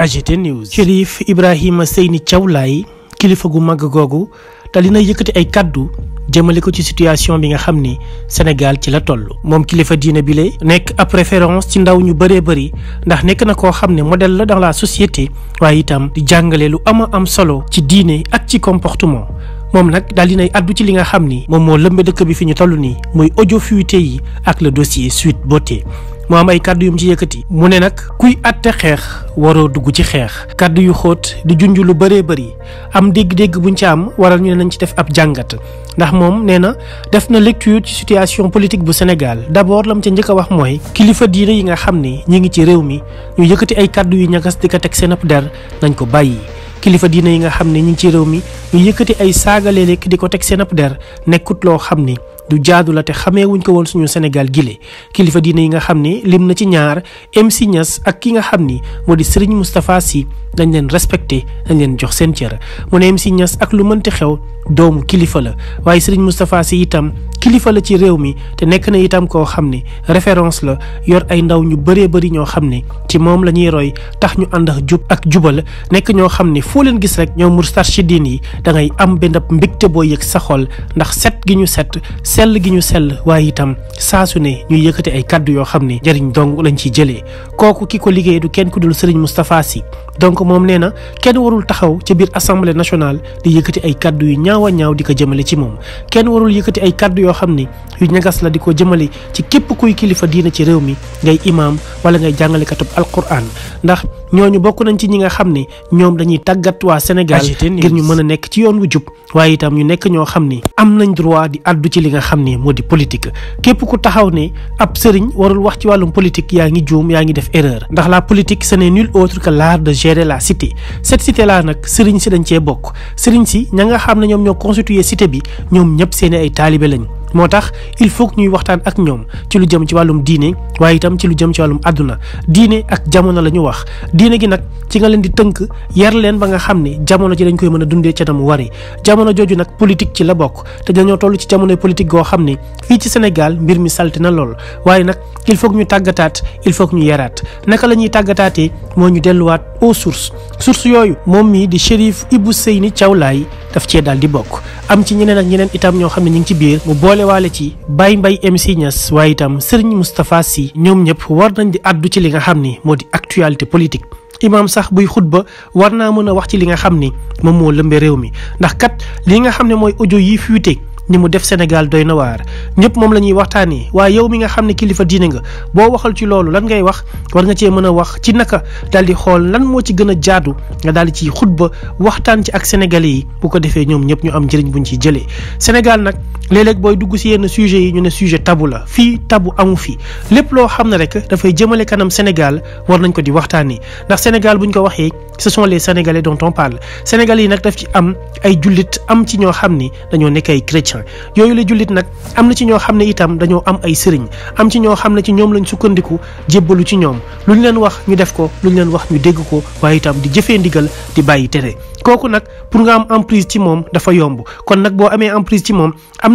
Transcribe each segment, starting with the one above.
AGT News. Chérif Ibrahima Seyni Thiaw Laye kilifa gu mag googu dali na yëkkati ay kàddu jëmale ko ci situation bi nga xam ni Sénégal ci la toll. moom kilifa diine bi le nekk ab référence ci ndaw ñu bëree bëri ndax nekk na koo xam ne modèle la dans la société waaye itam di jàngale lu ama am solo ci diine ak ci comportement. moom nag daal dinay addu ci li nga xam ni moom moo lëmbe dëkk bi fi ñu toll nii muy audio fuité yi ak le dossier Sweet Beauté mu am ay kàddu yu mu ci yëkkati mu ne nag kuy atte xeex waroo dugg ci xeex kàddu yu xóot di junj lu bëree bëri am dégg-dégg buñ ci am waral ñu ne nañ ci def ab jàngat ndax moom nee na def na lecture situation politique bu Sénégal d'abord lam ca njëkk a wax mooy kilifa diine yi nga xam ne ñi ngi ci réew mi ñu yëkkati ay kàddu yu ñagas di ko teg seen ab der nañ ko bàyyi. kilifa diine yi nga xam ne ñi ngi ci réew mi ñu yëkkati ay saagaleelek di ko teg seen ab der nekkut loo xam ni du jaadu la te xamee ko woon suñu Sénégal gile kilifa diine yi nga xam ne lim na ci ñaar MC ñas ak ki nga xam ni moo di Serigne Moustapha Sy dañ leen respecté dañ leen jox seen cër mu ne ñas ak lu mënti xew doomu kilifa la waaye Serigne Moustapha si itam kilifa la ci réew mi te nekk na itam koo xam ne référence la yor ay ndaw ñu bëree bëri ñoo xam ne ci moom la ñuy roy tax ñu ànd ak jub ak jubal nekk ñoo xam ne foo leen gis rek ñoom murstarchidin yi da ngay am benn mbégte boo yëg sa xol ndax set gi ñu set sell gi ñu sell waaye itam saa ne ñuy yëkkati ay kaddu yoo xam ne jëriñ dong lañ ciy jëlee kooku ki ko liggéey du kenn ku dul Serigne Moustapha Sy donc moom nee na kenn warul taxaw ca biir assemblée nationale di yëkkati ay kaddu yu ñaaw a ñaaw di ko jëmale ci moom kenn warul yëkkati ay kaddu yoo xam ne yu ñagas la di ko jëmale ci képp kuy kilifa diina ci réew mi ngay imaam wala ngay jàngalekatub alquran ndax ñu bokk nañ ci ñi nga xam ne ñoom dañuy tàggat waa Sénégal ngir ñu mën a nekk ci yoon wu waaye itam xam ni moo di politique képp ku taxaw ne ab sëriñ warul wax ci wàllum politique yaa ngi juum yaa ngi def erreur ndax la politique ce n'est nul autre que l'art de gérer la cité cette cité là nag sëriñ si dañ cee bokk sëriñ si ña nga xam ne ñoom ñoo constitué cité bi ñoom ñëpp seen ay taalibe lañ moo tax il faut que ñuy waxtaan ak ñoom ci lu jëm ci wàllum diine waaye itam ci lu jëm ci wàllum àdduna diine ak jamono la ñu wax diine gi nag ci nga leen di tënk yar leen ba nga xam ne jamono ji lañ koy mën a dundee ca mu wari jamono jooju nag politique ci la bokk te dañoo toll ci jamonoy politique goo xam ni fii ci Sénégal mbir mi salte na lool waaye nag il faut que ñu tàggataat il faut que ñu yaraat naka la ñuy tàggataatee moo ñu delluwaat aux sources source yooyu moom mii di Chérif Ibou Seyni Thiaw Laye daf cee daal di bokk am ci ñeneen ak ñeneen itam ñoo xam ne ñu ngi ci biir mu boole boolewaale ci Baye Mbaye MC Niass waaye itam Serigne Moustapha Sy ñoom ñëpp war nañ di addu ci li nga xam ni moo di actualité politique imaam sax buy xutba war naa mën a wax ci li nga xam ni moom moo lëmbe réew mi ndax kat li nga xam ne mooy audio yi fuité ni mu def Sénégal doy na waar ñëpp moom la ñuy waxtaanee waaye yow mi nga xam ne kilifa diine nga boo waxal ci loolu lan ngay wax war nga cee mën a wax ci naka daal di xool lan moo ci gën a jaadu nga daal di ciy xutba waxtaan ci ak sénégalais yi bu ko defee ñoom ñëpp ñu am njëriñ buñ ciy jëlee Sénégal nag léeg booy dugg si yenn sujets yi ñu ne sujet tabu la fii tabu amu fii lépp loo xam ne rek dafay jëmale kanam Sénégal war nañ ko di waxtaanee ndax Sénégal buñ ko waxee ce sont les Sénégalais dont on parle Sénégalais yi nag daf ci am ay jullit am ci ñoo xam ni dañoo nekk ay yooyu la jullit nag am na ci ñoo xam ne itam dañoo am ay sëriñ am ci ñoo xam ne ci ñoom lañ sukkandiku jébbalu ci ñoom lu ñu leen wax ñu def ko lu ñu leen wax ñu dégg ko waaye itam di jëfee ndigal di bàyyi tere kooku nag pour nga am emprise ci moom dafa yomb kon nag boo amee emprise ci moom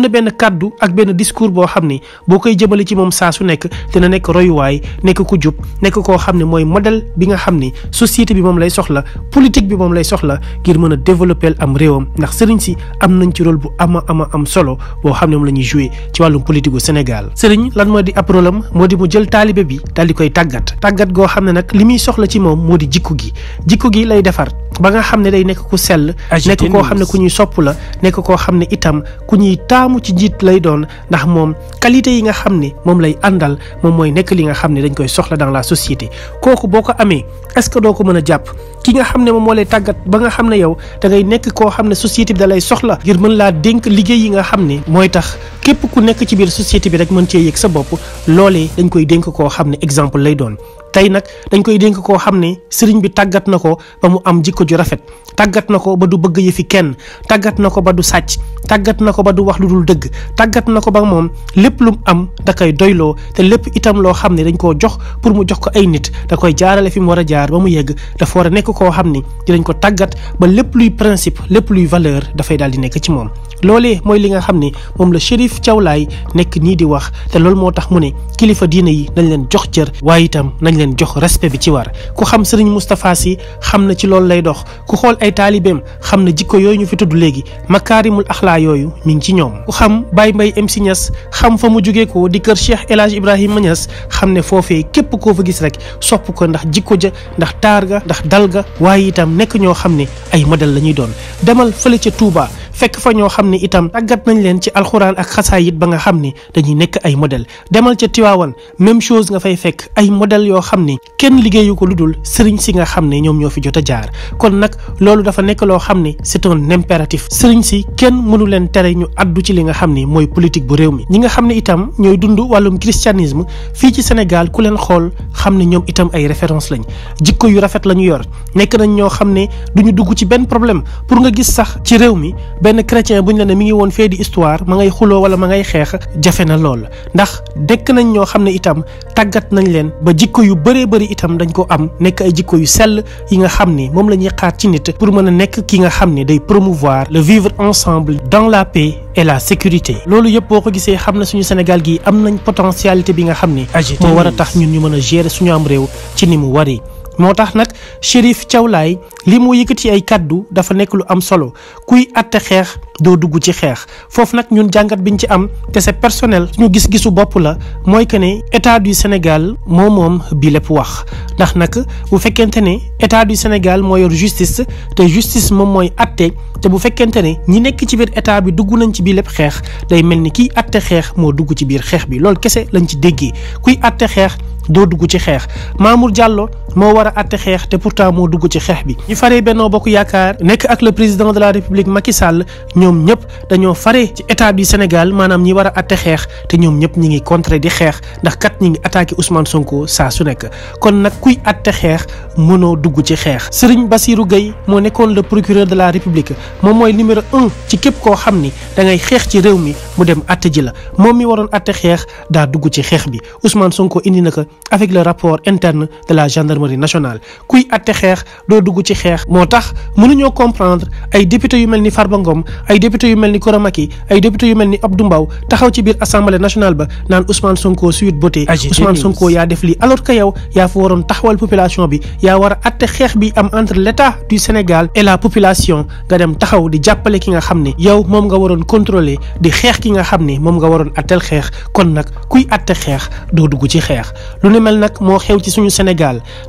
benn kàddu ak benn discours boo xam ne boo koy jëmale ci moom saa su nekk dina nekk royuwaay nekk ku jub nekk koo xam ne mooy modèle bi nga xam ni société bi moom lay soxla politique bi moom lay soxla ngir mën a développer am réewam ndax sëriñ si am nañ ci rôle bu ama ama am solo boo xam ne moom la ñuy joué ci wàllum politique Sénégal. sëriñ lan moo di ab am moo di mu jël taalibe bi daal di koy tàggat tàggat goo xam ne nag li muy soxla ci moom moo di jikko gi jikko gi lay defar ba nga xam ne day nekk ku sell nekk koo xam ne ku ñuy sopp la nekk koo xam ne itam ku ñuy taamu ci jiit lay doon ndax moom qualité yi nga xam ne moom lay àndal moom mooy nekk li nga xam ne dañ koy soxla dans la société kooku boo ko amee est-ce que doo ko mën a jàpp ki nga xam ne moom moo lay tàggat ba nga xam ne yow da ngay nekk koo xam ne société bi da lay soxla ngir mën laa dénk liggéey yi nga xam ne mooy tax képp ku nekk ci biir société bi rek mën cee yëg sa bopp loole dañ koy dénk koo xam ne exemple lay doon tey nag dañ koy dénk koo xam ne sëriñ bi tàggat na ko ba mu am jikko ju rafet tàggat na ko ba du bëgg yi fi kenn tàggat na ko ba du sàcc tàggat na ko ba du wax lu dul dëgg tàggat na ko ba moom lépp lu mu am da koy doyloo te lépp itam loo xam ne dañ koo jox pour mu jox ko ay nit da koy jaarale fi mu war a jaar mu yegg dafa war a nekk koo xam ne dinañ ko tàggat ba lépp luy principe lépp luy valeur dafay daal di nekk ci moom loolee mooy li nga xam ne moom la Chérif Thiaw Laye nekk nii di wax te loolu moo tax mu ne kilifa diine yi nañ leen jox cër waaye itam nañ leen leen jox respect bi ci war ku xam sëriñ Moustapha Sy xam na ci loolu lay dox ku xool ay taalibeem xam na jikko yooyu ñu fi tudd léegi makaarimul axlaa yooyu mi ngi ci ñoom ku xam Baye Mbaye MC Niass xam fa mu jógee ko di kër Cheikh El Hadj Ibrahima Niass xam ne foofee képp koo fa gis rek sopp ko ndax jikko ja ndax taar ga ndax dal ga waaye itam nekk ñoo xam ne ay model lañuy doon demal fële ca Touba fekk fa ñoo xam ne itam tàggat nañ leen ci alxuraan ak yit ba nga xam ne dañuy nekk ay modèle demal ca Tiwaawan même chose nga fay fekk ay modèle yoo xam ne kenn liggéeyu ko lu dul sëriñ si nga xam ne ñoom ñoo fi jot a jaar kon nag loolu dafa nekk loo xam ne c'est un impératif sëriñ si kenn mënu leen tere ñu addu ci li nga xam ni mooy politique bu réew mi ñi nga xam ne itam ñooy dund wàllum christianisme fii ci Sénégal ku leen xool xam ne ñoom itam ay référence lañ jikko yu rafet la ñu yor nekk nañ ñoo xam ne duñu dugg ci benn problème pour nga gis sax ci réew mi benn chrétien bu ñu la ne mi ngi woon fee di histoire ma ngay xuloo wala ma ngay xeex jafe na lool ndax dekk nañ ñoo xam ne itam tàggat nañ leen ba jikko yu bëree bëri itam dañ ko am nekk ay jikko yu sell yi nga xam ni moom la ñuy xaar ci nit pour mën a nekk ki nga xam ne day promouvoir le vivre ensemble dans la paix et la sécurité loolu yëpp boo ko gisee xam na suñu Sénégal gi am nañ potentialité bi nga xam ni moo war a tax ñun ñu mën a gérer suñu am réew ci ni mu wari moo tax nag Chérif Thiawlaay li mu yëkkati ay kàddu dafa nekk lu am solo kuy àtte xeex doo dugg ci xeex foofu nag ñun jàngat biñ ci am kese c'est personnel ñu gis-gisu bopp la mooy que ne état du Sénégal moo moom bi lépp wax ndax nag bu fekkente ne état du Sénégal moo yor justice te justice moom mooy àtte te bu fekkente ne ñi nekk ci biir état bi dugg nañ ci biir lépp xeex day mel ni kiy àtte xeex moo dugg ci biir xeex bi loolu kese lañ ci déggee kuy àtte xeex doo dugg ci xeex Mamour Diallo moo war a àtte xeex te pourtant moo dugg ci xeex bi ñu faree Benno Bokk Yaakaar nekk ak le président de la République Macky Sall ñoom ñëpp dañoo fare ci état bi Sénégal maanaam ñi war a àtte xeex te ñoom ñëpp ñi ngi contrer di xeex ndax kat ñi ngi attaqué Ousmane Sonko saa su nekk kon nag kuy àtte xeex mënoo dugg ci xeex Serigne bassiru Gueye moo nekkoon le procureur de la République moom mooy numéro un ci képp koo xam ni da ngay xeex ci réew mi mu dem àtte ji la moom mi waroon àtte xeex daa dugg ci xeex bi Ousmane Sonko indi na ko avec le rapport interne de la gendarmerie gendarmerie nationale kuy atte xeex doo dugg ci xeex moo tax mënuñoo comprendre ay député yu mel ni Farba Ngom ay député yu mel ni Koramaki ay député yu mel ni Abdou taxaw ci biir assemblée nationale ba naan Ousmane Sonko suite beauté Ousmane Sonko yaa def lii alors que yow yaa fa waroon taxawal population bi yaa war a atte xeex bi am entre l'état du Sénégal et la population nga dem taxaw di jàppale ki nga xam ne yow moom nga waroon contrôler di xeex ki nga xam ni moom nga waroon attel xeex kon nag kuy atte xeex doo dugg ci xeex lu ne mel nag moo xew ci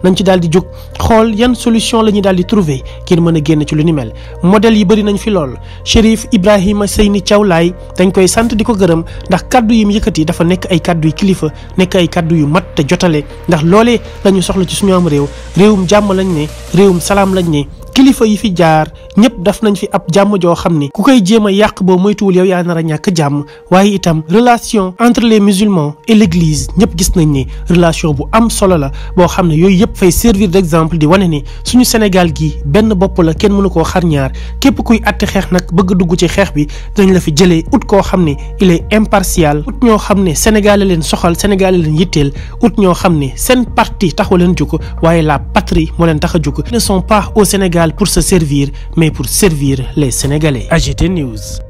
nañ ci daal di jóg xool yan solution la ñuy daal di trouver ngir mën a génn ci lu ni mel modèle yi bari nañ fi lool Chérif Ibrahima Seyni ni Laye dañ koy sant di ko gërëm ndax kàddu yim mu yëkkati dafa nekk ay kaddu yu kilifa nekk ay kàddu yu mat te jotale ndax loole la soxla ci suñu am réew réewum jàmm lañ ne réewum salaam lañ ne kilifa yi fi jaar ñëpp daf nañ fi ab jàmm joo xam ne ku koy jéem a yàq boo moytuwul yow yaa nar ñàkk jàmm waaye itam relation entre les musulmans et l'église ñëpp gis nañ ni relation bu am solo la boo xam ne yooyu yëpp fay servir d'exemple di wane ni suñu Sénégal gi benn bopp la kenn mënu koo xar képp kuy àtte xeex nag bëgg dugg ci xeex bi dañu la fi jëlee ut koo xam ne il est impartial ut ñoo xam ne Sénégal leen soxal Sénégal leen yitteel ñoo xam ne seen parti taxu leen jukk waaye la patrie moo leen tax a jukk ne Sénégal Sénégal pour se servir, mais pour servir les Sénégalais. AGT News.